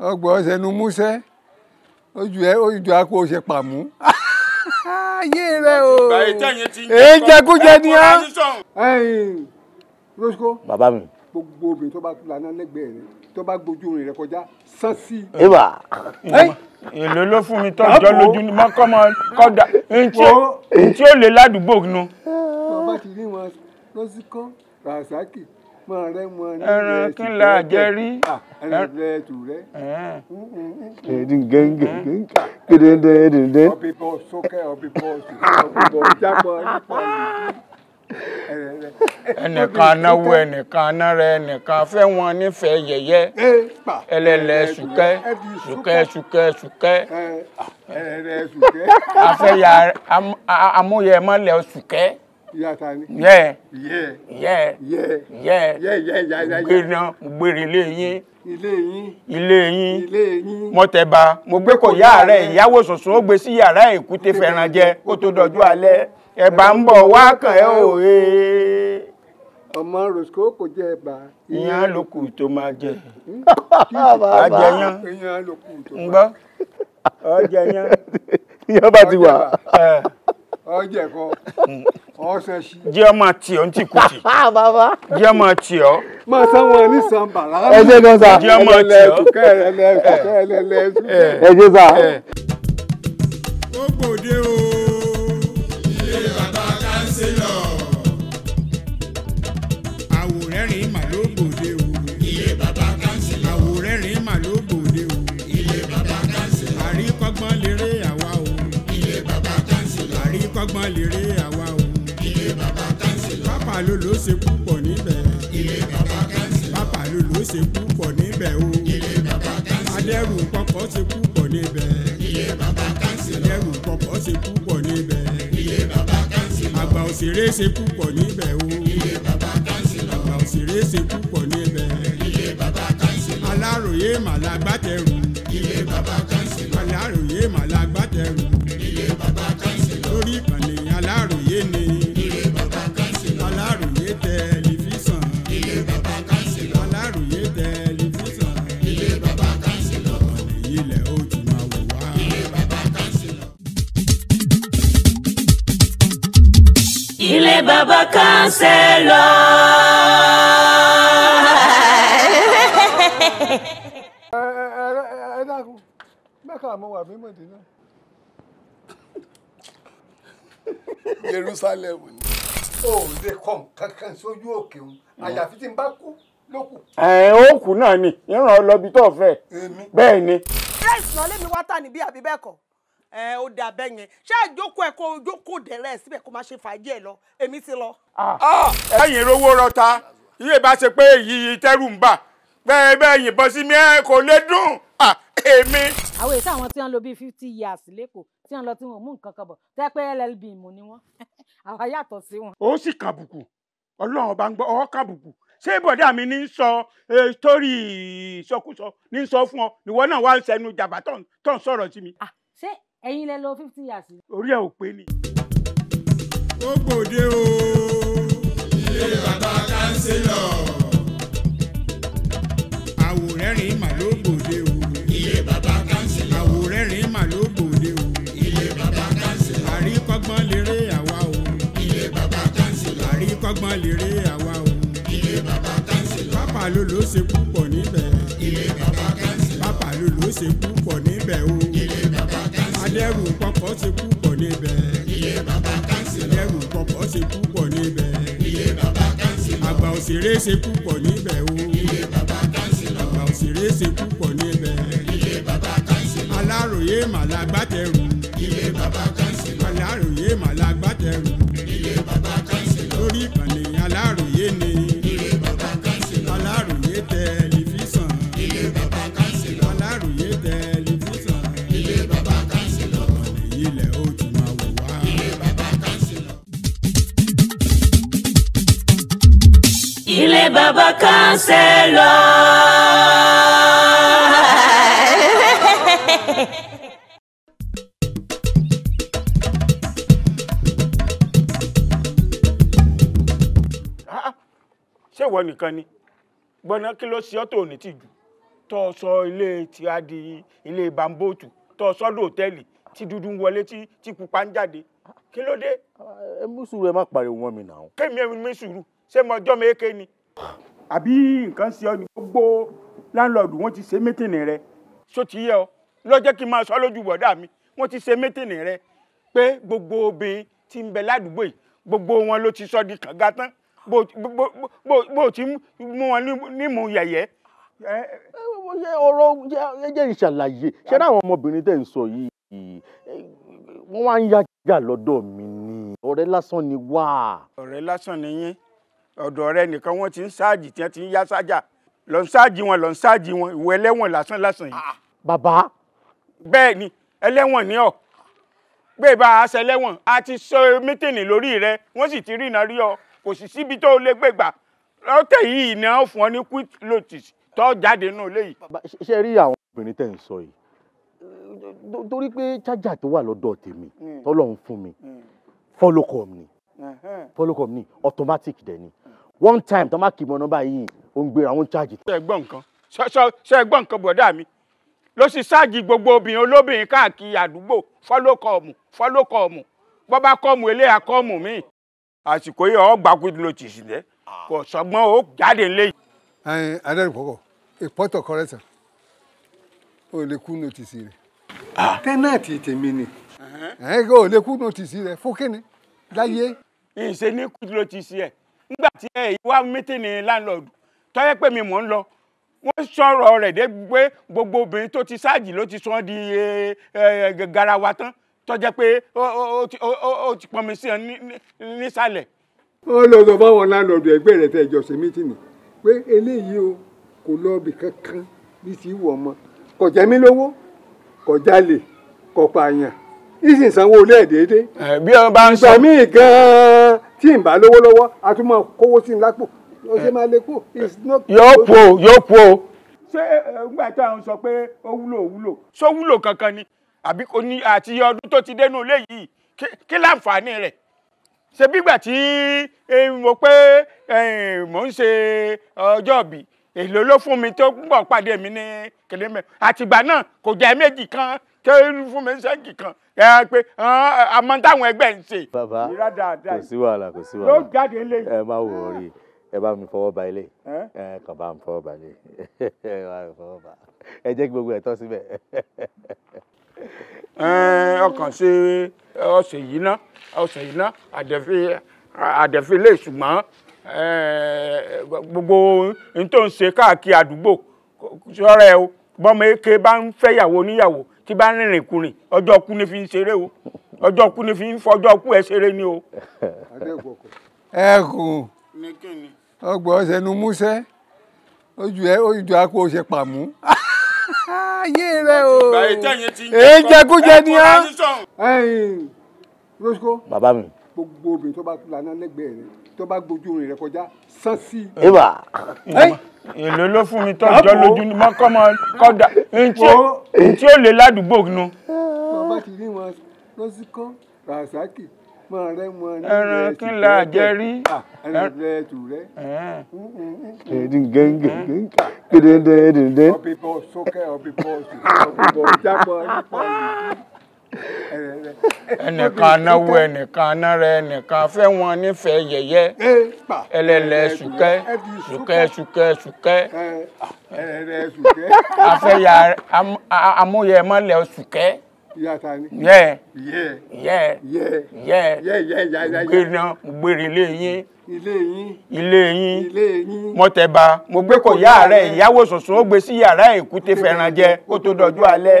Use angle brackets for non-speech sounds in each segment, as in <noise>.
ọgbọ ọsẹ nu músẹ ojú ẹ ojú akó ọsẹ pàmò <laughs> ayé rẹ o èyí jẹkújẹ ni á. rosco bàbá mi. gbogbo obìnrin tó bá kú lànà lẹ́gbẹ̀ẹ́ rẹ tó bá gbójú rìn rẹ kọjá sán sí. ìwà èlò ló fún mi tọjọ lójú ni mọkànmọ kódà ntí ó lè ládùúgbò nu. bàbá ti rí wọn lọ́síkọ́ ràṣákì mọ rẹ mọ ní ẹran kí n là jẹ rí. ẹran rẹ tù rẹ. gẹ́gẹ́gẹ́gẹ́. ọbí bọ́ sókè ọbí bọ́ ọbí bọ́ jábọ̀ nípa ìlú. ẹnìkan náwó ẹnìkan nára ẹnìkan fẹ́ wọn nífẹ̀ẹ́ yẹ̀yẹ́ ẹlẹ́lẹ̀ sùkẹ́ sùkẹ́ sùkẹ́ sùkẹ́ afẹ́yà amúyẹ̀mọ́lẹ̀ sùkẹ́ ìyá ta ni. yẹ yẹ yẹ yẹ yẹ yẹ gbéná mo gbére ilé yín. ilé yín. ilé yín. ilé yín. mo tẹ̀ba mo gbé kò yá rẹ̀ ìyàwó sòsò ó gbé sí yàrá èkúté fẹ̀ràn jẹ kó tó dọ̀jú alẹ́ ẹ̀bà ń bọ̀ wá kàn ẹ́ o ee. ọmọ rosco kò jẹ ẹ̀bà. ìyàn ló kù tó máa jẹ. àjẹyàn hmm? <laughs> ìyàn ló kù tó máa jẹ. ń gbọ́ ọjẹyàn. ìyàn bá ti wà ọjẹ kọ ọsẹ sí. jẹ́ ọ máa tì ọ́ ní tìkùtì. jẹ́ ọ máa tì ọ́. máa sanwó ní sanba lára. ẹ jẹ́ gan sa. jẹ́ ọ máa tì ọ́. ẹ jẹ́ sa. ó gbòde o ilé bàbá kánsílọ̀ àwòrán rìn ló ṣe púpọ̀ níbẹ̀. ilé bàbá kánsì. bàbá ló ló ṣe púpọ̀ níbẹ̀ o. ilé bàbá kánsì. adẹ́rù kọ̀kọ̀ ṣe púpọ̀ níbẹ̀. ilé bàbá kánsì. adẹ́rù kọ̀kọ̀ ṣe púpọ̀ níbẹ̀. ilé bàbá kánsì. àgbà òṣèré ṣe púpọ̀ níbẹ̀ o. ilé bàbá kánsì. àgbà òṣèré ṣe púpọ̀ níbẹ̀. ilé bàbá kánsì. aláròyé màlágbátẹrù counselor. ẹ dákun mẹ́ka àmọ́ wà mímọ̀ dín náà. Jerusalem ni o lè kọ nǹkan kan sójú òkè òun àyàfi tí n bá kú ló kù. ẹ ó kú náà ni ìran ọlọbi tó fẹ́ bẹ́ẹ̀ ni. bẹ́ẹ̀ ìsìnà lèmi ẹ ó dà bẹ́ẹ̀ yẹn ṣáà jókòó ẹ kó jókòó dẹ̀rẹ́ síbẹ̀ kó má ṣe fàájì ẹ lọ èmi ti lọ. Ah. Ah, ẹ̀yin rówó rọta iye bá ṣe pé èyí tẹ́rù ń bà bẹ́ẹ̀ bẹ́ẹ̀ yìnbọn sí mi ẹ kò lè dùn ah, èmi. àwọn èsì àwọn tí wọn lò bíi fifty years lẹ́kọ̀ọ́ tí wọn lọ tí wọn mú nǹkan kan bọ̀ tẹ́ pé llb mú ni wọn <laughs> àwa yàtọ̀ sí wọn. ó sì kàbùkù ọlọ́run ọba ń gbọ́ ọ kàbùkù ṣé bọ̀dá mi ní sọ torí ìsọkúsọ ní sọ fún ọ ìwọ náà wá ń sẹnu jàbá tó ń sọ̀rọ̀ sí mi. ṣé ẹ̀yin lẹ lò fifty years. orí ẹ ò pé ni. ó gbòde o ilé bàbá kánsílọ̀. àwòrẹ́rìn mà ló gbòde o. ilé bàbá kánsílọ̀. àwòrẹ́rìn mà ló gbòde o. ilé bàbá kánsílọ̀. àríkọ́gbọ́n lérè àwa o. ilé bàbá kánsílọ̀. àríkọ́gbọ́n lérè àwa o. ilé bàbá kánsílọ̀. pápá ló ló ṣe púpọ̀ níbẹ̀. ilé bàbá kánsílọ̀. pápá ló ṣe púpọ̀ pọ̀pọ̀ ṣe púpọ̀ níbẹ̀. iye bàbá kánsìlọ̀. lẹ́rù pọ̀pọ̀ ṣe púpọ̀ níbẹ̀. iye bàbá kánsìlọ̀. àgbà òṣèré ṣe púpọ̀ níbẹ̀ o. iye bàbá kánsìlọ̀. àgbà òṣèré ṣe púpọ̀ níbẹ̀. iye bàbá kánsìlọ̀. aláròyé màlágbátẹrù. iye bàbá kánsìlọ̀. aláròyé màlágbátẹrù. ránṣẹ́ lọ. ṣé ìwọ nìkan ni gbọ́nà kí ló ṣe ọ́ tó ní tìjú tó sọ ilé tí a di ilé bambóòtù tó sọ́dọ̀ òtẹ́ẹ̀lì tí dúdú ń wọlé tí pupa ń jáde kí ló dé. ẹ mú sùúrù ẹ má pariwo wọn mi nà. kémi ẹ mú sùúrù ṣé mo jọ́ mi éke ni àbí nǹkan ṣe ọ ní gbogbo láńlọ́ọ̀dù wọ́n ti ṣe mẹ́tìnì rẹ ṣó ti yẹ ọ lọ́jọ́ kí n máa sọ lójú bọ̀dá mi wọ́n ti ṣe mẹ́tìnì rẹ pé gbogbo obìnrin ti ń bẹ ládùúgbò yìí gbogbo wọn ló ti sọ di kànga tán bó ti mú wọn nímú yẹ̀yẹ́. ṣé ọ̀rọ̀ jẹ́ ìṣàlàyé ṣé láwọn ọmọbìnrin tẹ̀ ń sọ yìí wọ́n wá ń yájà lọ́dọ̀ mi ni ọ̀rẹ́ lásán ni wá. ọ̀rẹ́ lásán ni yín ọ̀dọ̀ rẹ nìkan wọ́n ti ń ṣáàjì tí wọ́n ti ń yá ṣájà lọ ń ṣáàjì wọn lọ ń ṣáàjì wọn ìwọ ẹlẹ́wọ̀n lásán lásán yìí. bàbá. bẹ́ẹ̀ ni ẹlẹ́wọ̀n ni ọ́ gbé bá a ṣe ẹlẹ́wọ̀n a ti sọ mítìnì lórí rẹ wọ́n sì ti rí iná rí ọ kò sì síbi tó lè gbé gbà lọ́tẹ̀ yìí iná fún ọ ní quick notice tó jáde nù léyìí. ṣe rí àwọn obìnrin tẹ̀ ń sọ yìí torí pé chájà tó wà lọ́dọ̀ tèmi hmm. tọ́lọ́ ń fún mi fọ́lọ́kọ̀ mi fọ́lọ́kọ̀ mi automatic dẹ̀ ni. Mm one time tó má kì í mọ̀ nọ́mbà yìí ó ń gbéra ó ń ṣáàjì. ṣe gbọ́ nǹkan ṣe gbọ́ nǹkan bọ̀dá mi ló sì ṣáàjì gbogbo obìnrin olóbìnrin káàkiri àdúgbò fọ́lọ́kọ̀ọ̀mù fọ́lọ́kọ̀ọ̀mù bọ́ bá kọ́ọ̀mù eléyà kọ́ọ̀mù míì àsìkò yìí ọ̀ gbàgbé ló ti sì lẹ́ kò sọgbọ́n ó jáde lé. ẹyin adẹ́rìnpọ̀kọ̀ ìpọ́tọ̀ kọ́rẹ́sàn ò lè kú nọ́tìsì rẹ̀ tẹ́nàtì tèmi ni ẹ̀ ò lè kú nọ́tìsì rẹ̀ fún kíni láyé. ìṣe ní kú nọ́tìsì ẹ̀ tí ẹ yìí wá mítìnì láńlọ́ọ̀dù tọ́yẹ́ pé mi mò ń lọ wọ́n sọ̀rọ̀ rẹ̀ dé pé gbogbo obìnrin tó ti ṣáàjì ló ti sọ́n di garawa tán tọ́jẹ́ pé ó ti pọnmi sí ọ nísàlẹ̀. ó lọ sọ fáwọn láńlọ́ọ̀dù ẹgbẹ́ rẹ̀ tẹ́ ìjọ ṣe mítìnì pé eléyìí o kò lọ ibì kankan bí ti wọ̀ ọmọ kò jẹ mí lówó kò jalè kò pààyàn ìsìn sanwó olóòdèédé. bí ọba ń sọ. ìgbà míì gan-an tí n bá lówó lọ́wọ́ a tún máa kówó sí i lápò ó ṣe máa lè kú. yóò po yóò po. ṣé ngbà tí àwọn sọ pé ó wúlò wúlò ṣó wúlò kankan ni àbí kò ní àti ọdún tó ti dénú ilé yìí kí láǹfààní rẹ̀ ṣe bígbà tí mo pé mò ń ṣe ọjọ́ ìbí èlò ló fún mi tó ń bọ̀ pàdé mi ní kèlémẹ̀ àtìgbà náà kò jẹ́ méjì kan tó fún mi ń ṣẹ́ǹkì kan ẹ pé àmọ́ táwọn ẹgbẹ́ ń ṣe. bàbá kò sí wàhálà kò sí wàhálà ló jáde lé. ẹ má wò ó rí ẹ bá mi fọwọ́ ba ilé ẹ kàn bá mi fọwọ́ ba ilé <laughs> ẹ bá mi fọwọ́ ba ẹ jẹ́ kí gbogbo ẹ̀ tọ́ síbẹ̀. <laughs> ọkàn ṣe ọ̀sẹ̀ yìí ná ọ̀sẹ̀ yìí ná àdẹ̀fi àdẹ̀fi lè ṣùgbọ́n gbogbo n tó ń ṣe káàkiri àdúgbò sọ́ra ẹ o bọ́mọ eke bá ń fẹ́yàwó níyàwó tí bá rìnrìn kùnrin ọjọ́ kú ni fi ń ṣeré o ọjọ́ kú ni fi ń fọjọ́ kú ẹ ṣeré ni o. ẹ kù ọgbọ̀n ọ̀sẹ̀ nu músẹ́ ojú ẹ ojú akó ṣe pàmò ayé rẹ o èyí jẹkújẹ ni á. rosco bàbá mi gbogbo obìnrin tó bá lànà lẹ́gbẹ̀ẹ́ rẹ tó bá gbójú orin rẹ kọjá sán sí èlò ló fún mi tọ́jọ́ lójú ni mo kọ́ mọ kọ́dà ntí ó lè ládùúgbò nu. bàbá ti rí wọn lọ́síkọ́ rasaki mọ rẹ mọ ní ẹran kí la jẹ rí ẹran rẹ tù rẹ. ẹdín gẹ́ngẹ́ gẹ́ngẹ́ gẹ́dẹ́dẹ́. ọbẹ̀ bọ́ọ̀sì ọbẹ̀ bọ́ọ̀sì ọbẹ̀ bọ́ọ̀sì jápọ̀ nípa ìlú ẹnìkan náwó ẹnìkan nára ẹnìkan fẹ́ wọn nífẹ̀ẹ́ yẹ̀yẹ́ ẹlẹ́lẹ́ sùkẹ́ sùkẹ́ sùkẹ́ sùkẹ́ afẹ́yà amóyẹ mọ́lẹ̀ sùkẹ́ yẹ yẹ yẹ gbéná gbére ilé yín ilé yín mọ́tẹ́ba mo gbé kò yá rẹ̀ ìyàwó sọ̀sọ̀ ó gbé sí yàrá èkúté fẹ́ràn jẹ kó tó dọjú alẹ́.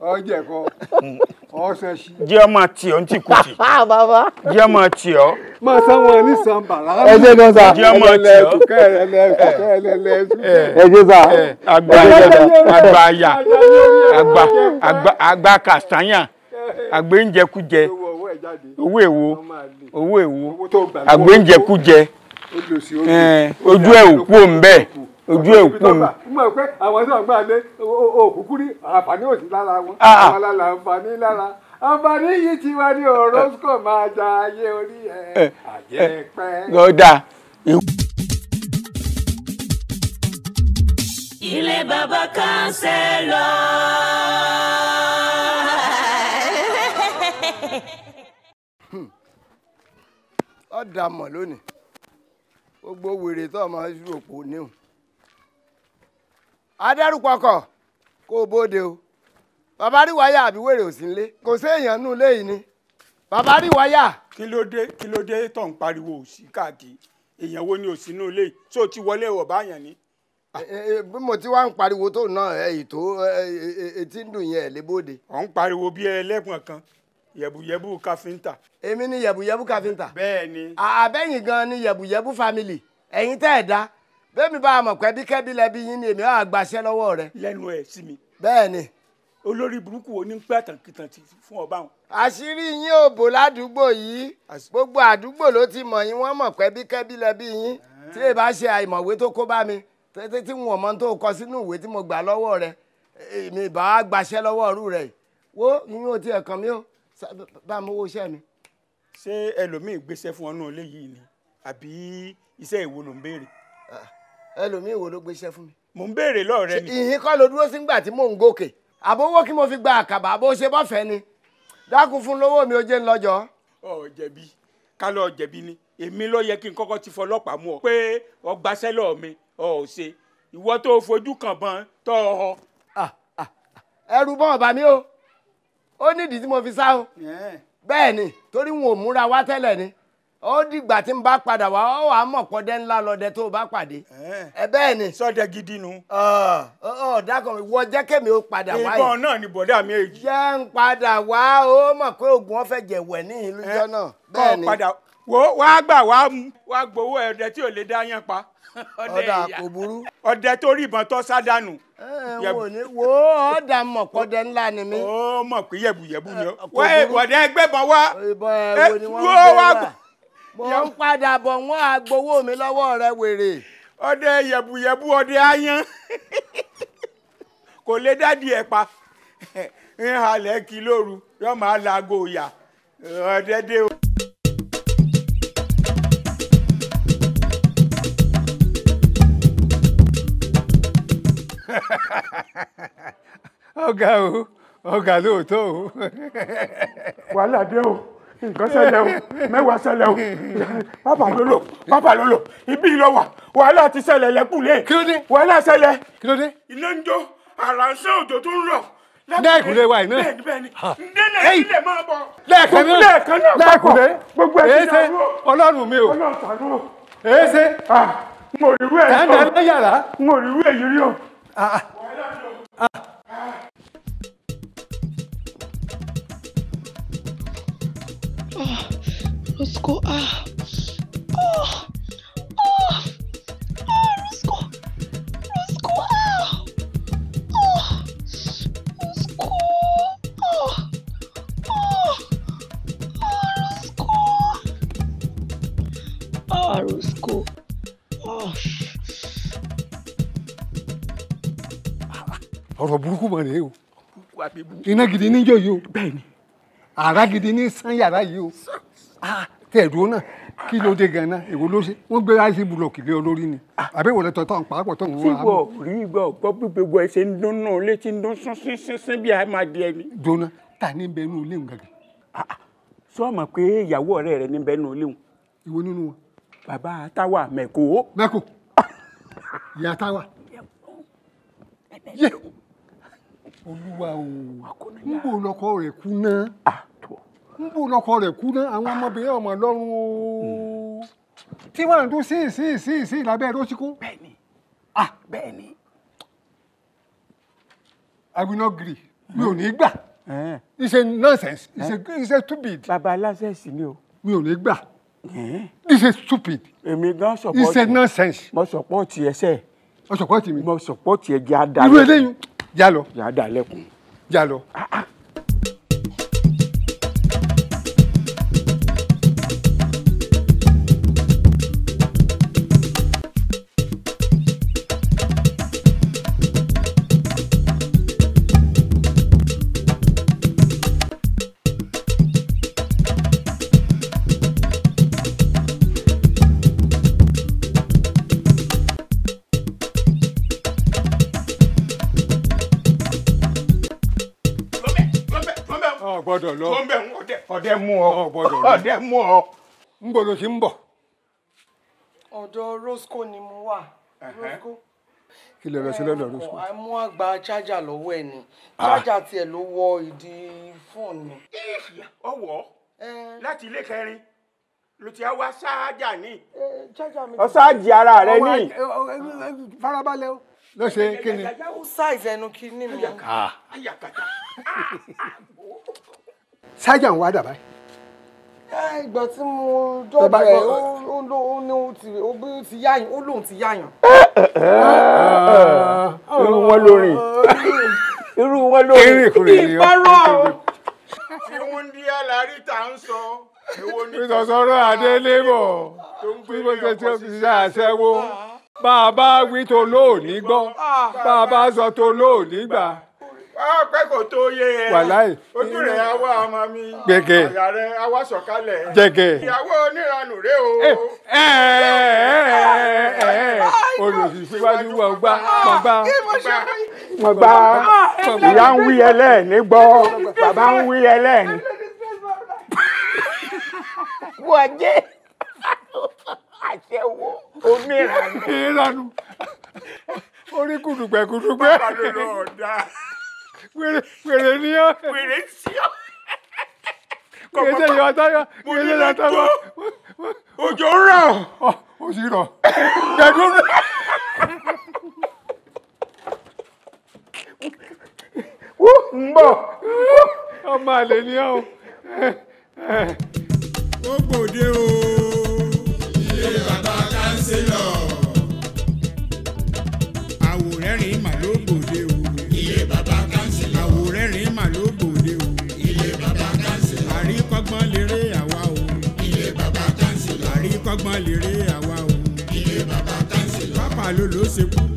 ọjẹ kọ <laughs> ọsẹ sí. jẹ́ ọmọ tí ọ ń tì kùtì. jẹ́ ọmọ tí ọ. máa sáwọn ní sàǹbà láàbù. ẹ jẹ́ kan sá. jẹ́ ọmọ tí ọ. Eh, eh, ẹ jẹ́ sá. Eh, àgbà àgbà àyà àgbà àgbà àgbà kàsányà àgbéǹjẹkújẹ owó èwo owó èwo àgbéǹjẹkújẹ ojú ẹ̀ òkú òǹbẹ̀ ojú ẹ̀ òkú òǹbẹ̀ mọ̀ pé àwọn tí wọ́n gbà lé òkúkú rí àǹfààní òsì lára wọn ah, ah. àwọn lára àǹfààní lára àǹfààní yìí ti wá ní orosco máa da. ayé orí ẹ eh, eh, àjẹpẹ́. Eh, gọ́dà. ilé bàbá kan ṣe lọ. ọ̀dà mọ̀ lónìí gbogbo wèrè tó máa ń rò pò níhùn adẹ́rùpọ̀kọ̀ kó o bóde o bàbá rí wáyà àbí wèrè ò sí nílé kò séèyàn nù léyìí ni bàbá rí wáyà. kí ló dé kí ló dé tó ń pariwo òsì káàkiri èèyàn wo ni òsì nù léyìí tó ti wọlé wọ̀ báyàn ni. Eh, eh, eh, bí mo ti wá ń pariwo tó náà ètò etí ń dùn yẹn ẹ̀ lébóde. ọ̀ ń pariwo bí ẹlẹ́gbọ̀n kan yẹ̀bùyẹ̀bù káfíńtà. èmi ni yẹ̀bùyẹ̀bù káfíńtà. bẹ́ẹ̀ ni. àbẹ́yìn gan ni yẹ̀bùyẹ̀bù family ẹ̀yin tẹ́ ẹ̀ dá bẹ́ẹ̀mi bá a mọ̀ pé bíkẹ́bí lẹ́bi yín ni èmi á gbàṣẹ́ lọ́wọ́ rẹ. lẹ́nu ẹ̀ sí mi. bẹ́ẹ̀ ni. olórí burúkú wo ni ń pẹ́ àtàkìtàn fún ọba wọn. àṣírí yín ò bò ládùúgbò yìí gbogbo àdúgbò ló ti mọ̀ yín wọ́n mọ̀ pé bíkẹ́bí lẹ́bi yín tí èèbá ṣe àìmọ̀wé tó kó bá mi tètè tí wọn mọ tó kọ sínú ìwé tí mo gbà lọ́wọ́ rẹ èmi bá a gbàṣẹ́ lọ́wọ́ ọ̀rú rẹ wo yín ò tiẹ̀ kàn mí o bá a mọ owó iṣẹ́ mi. ṣé ni àbí iṣẹ́ ìwo ẹlòmíì wo ló gbéṣẹ́ fún mi. mò ń béèrè lọ́ọ̀ rẹ ni. ìyín kọ́ ló dúró sí ngbà tí mò ń gòkè àbówó kí mo fi gba àkàbà bó ṣe bọ́fẹ̀ẹ́ ni dákun fún lówó mi ó jẹ́ ń lọ́jọ́. ọ jẹ̀bi ká lọ jẹ̀bi ni èmi ló yẹ kí n kọ́kọ́ ti fọlọ́pàá mú ọ pé ọgbàṣẹ́ lọ mi ọ ò ṣe ìwọ tó o fojú kàn bọ́n tọ́ ọ họ. ẹrù bọ́n ọ̀bà mi o ó nídìí tí mo fi sá o bẹ́ẹ̀ ni torí wọn ò múra wá tẹ́lẹ̀ ni ó dìgbà tí n bá padà wá ó wàá mọ̀ pọ́dẹ́ ńlá lọ́dẹ tó o bá pàdé. ẹ bẹ́ẹ̀ ni. sọdẹ gidi nu. ọ dákọ̀ wọ jẹ́ kẹ́mi ó padà wá yìí. ìbọn náà ni bọ̀dá mi èyí. jẹ́ ń padà wá ó mọ̀ pé oògùn wọn fẹ́ jẹ̀wẹ̀ ní ìlú jọ náà. bẹ́ẹ̀ ni kọ́ padà wo wàá gbà wàá mú wàá gbowó ẹ̀dẹ tí ò lè dá yán pa. <laughs> ọ̀dà kò burú. ọ̀dẹ tó rí ìbọn tó sá dànù. wo ọ̀dà mọ̀ pọ́dẹ ńlá ni mí. ó mọ̀ pé yẹ̀bùyẹ̀bù ni ó. wọ́n ìbọ̀dẹ gbẹ̀bọ̀n wá. ìbọn ẹ̀ wo ni wọ́n gbé wá. mo ń padà bọ̀ wọ́n á gbowó mi lọ́wọ́ rẹ wèrè. ọdẹ yẹ̀bùyẹ̀bù ọdẹ ayan kò lè dádì ẹ̀ pa ń halẹ̀ kí lóru yóò máa laago ìyà ọdẹ dé o. ọ̀gá o ọ̀gá lóòótọ́ o. wàhálà dé o. nǹkan ṣẹlẹ̀ o mẹ́wàá ṣẹlẹ̀ o pápá ló lò pápá ló lò ibi ló wà wàhálà ti ṣẹlẹ̀ lẹ́kùnlé wàhálà ṣẹlẹ̀ kílódé ń jó àránṣẹ́ òjò tó ń rọ̀ lẹ́ẹ̀kùnlé wa iná náà lẹ́ẹ̀kan náà lẹ́ẹ̀kùnlé gbogbo ẹ̀ ti dàrú ọlọ́run mi o èéṣe n ò rí rú ẹ̀ yìí n ò rí rú ẹ̀ yìí o. Ah, ah. Rusko. Ah. Oh. Oh. Ah, Rusko. Rusko. Ah. Oh. Rusko. Oh. Oh. Ah, Rusko. Ah, ah. Rusko. Oh. Ah. Ah. ọ̀rọ̀ burúkú mọ̀ rèé o iná gidi níjọ́ yìí o bẹ́ẹ̀ ni àrá gidi ní sán yàrá yìí o tẹ̀ dúró náà kí ló dé gan-an èwo ló ṣe wọ́n gbé ice búlọ̀kì lé olórí ni àbí ìwọ̀n lẹ́tọ̀ tán pàápọ̀ tó ń wọ́n. síbò rí ìgbà ọ̀pọ̀ pípé gbọ́ ẹsẹ̀ ń dún náà létí ń dún sínsín sínsín bí a máa di ẹni. dona ta ni bẹ inú ilé ń gàgà. sọ ma pé ìyàwó ọ̀rẹ́ rẹ ní bẹ inú ilé ń. ìwọ nínú wọn. bàbá táwa mẹ́kò. mẹ́kò ìyá táwa. olúwa o n bò lọkọ rẹ kú náà. Ah, ń bù lọkọ rẹ̀ kú ná àwọn ọmọbìnrin ọmọ lọ́rùn o tí wọ́n ń dún sí sí sí sí lábẹ́ ló ti kú. bẹ́ẹ̀ni ah bẹ́ẹ̀ni. I will not gree mi ò ní gbà it's a nonsense it's a stupid. baba aláṣẹ́sì ni o. mi ò ní gbà this is stupid. èmi gan sọpọ́ọ̀tì it's a nonsense. mo sọpọ́ọ̀tì ẹsẹ̀. mo sọpọ́ọ̀tì mi. mo sọpọ́ọ̀tì ẹ̀jẹ̀ adalẹ̀. irú eléyìí jà lọ. jà adalẹ̀ mú ọ ọdẹ mú ọ ń gbọdọ sí ń bọ. ọ̀dọ̀ Roscoe ni mo wà Roscoe. kí lè lọ sí lọ́dọ̀ Roscoe. a mú àgbà chájà lọ́wọ́ ẹ̀ ni ah. chájà tiẹ̀ ló wọ ìdí fóònù mi. ọwọ́ láti ilé kẹrin ló ti wá ṣáájà ní. ọ ṣáájì ara rẹ ní. farabalẹ̀ o. lọ́sẹ̀ kí ni. ó ṣáìsì ẹnu kí ni mi. ayakata ṣájà ń wá dà báyìí. ìgbà tí mo dọ́bẹ̀ ó ní ó ti yáyàn ó lóun ti yáyàn. irú wọn lórin irú wọn lórin ìparọ́ tí wọ́n ń di alárìtà ń sọ ìsọ̀sọ̀rọ̀ adélébọ̀ bí mo ṣe ti ṣe àṣẹwó bá a bá wí tó lóòní gbọ́ bá a bá sọ tó lóòní gbà ọpẹ́ ah, kò tó yé e wàláì ojú rẹ̀ awa ọmọ mi jẹ̀gẹ̀ àyà rẹ̀ awa sọ̀kalẹ̀ jẹ̀gẹ̀ ìyàwó oníranù rẹ̀ o. Eh, eh, eh, olùsíwájú wa gbá gbá wọn gbá ìyá ń wí ẹlẹ́ẹ̀ni gbọ́ bàbá ń wí ẹlẹ́ẹ̀ni. wọ́n àṣẹwó oníranù. orí kùdùgbẹ́ kùdùgbẹ́. bàbá ló lọ ọ̀dà wèrè ni ọ́. wèrè ń sí ọ́. kèsè yọ táyọ kèsè yọ táyọ. òjò ń o ó sì rọ̀. kẹ̀kún rẹ̀. wú ń má lè rí àwa o. ilé bàbá kánsìlọ̀. pápá ló ṣe kú.